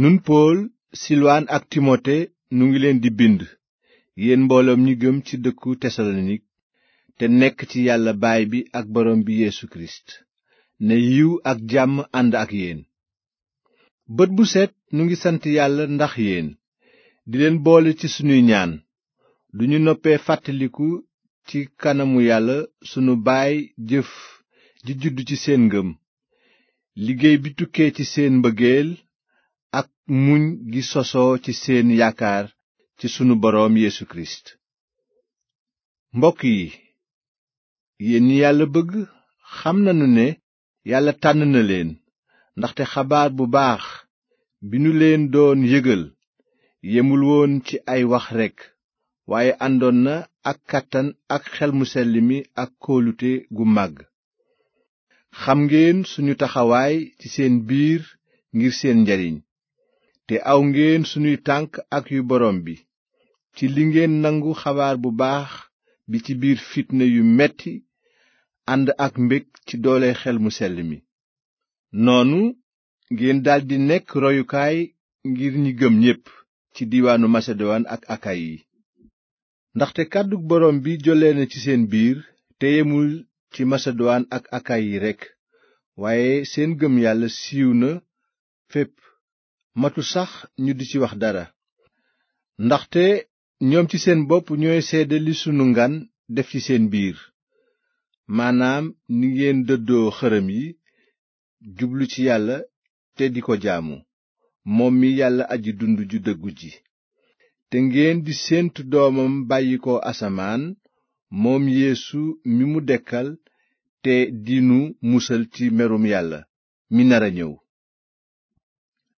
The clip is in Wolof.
nun pool silwaan ak timote nu ngi leen di bind yéen mbooloom ñi gëm ci dëkku tesalonik te nekk ci yàlla baay bi ak borom bi yeesu kirist ne yiw ak jàmm ànd ak yéen bët bu set nu ngi sant yàlla ndax yéen di leen boole ci sunuy ñaan duñu noppee fàttaliku ci kanamu yàlla sunu baay jëf ji judd ci seen ngëm liggéey bi tukkee ci seen mbëggeel ak muñ ci seen yaakaar ci sunu boroom Yesu mbokk yi yéen ñi yàlla bëgg xam nanu ne yàlla tànn na leen ndaxte xabaar bu baax bi nu leen doon yëgal yemul woon ci ay wax rekk waaye àndoon na ak kàttan ak xel mu sell ak kóolute gu màgg xam ngeen suñu taxawaay ci seen biir ngir seen njariñ te aw ngeen sunuy tànk ak yu borom bi ci li ngeen nangu xabaar bu baax bi ci biir fitna yu metti ànd ak mbég ci doole xel mu sell mi noonu ngeen daldi nekk royukaay ngir ñi gëm ñépp ci diwaanu maseduwaan ak akay yi ndaxte kàddu borom bi jollee na ci seen biir te ci maseduwaan ak akay yi rekk waaye seen gëm yàlla siiw na fépp matul sax ñu di ci wax dara ndaxte ñoom ci seen bopp ñooy seede li sunu ngan def ci seen biir maanaam ni ngeen dëddoo xërëm yi jublu ci yàlla te di ko jaamu moom mi yàlla aji dund ju dëggu ji te ngeen di séentu doomam bàyyi ko asamaan moom yeesu mi mu dekkal te dinu musal ci merum yàlla mi nara a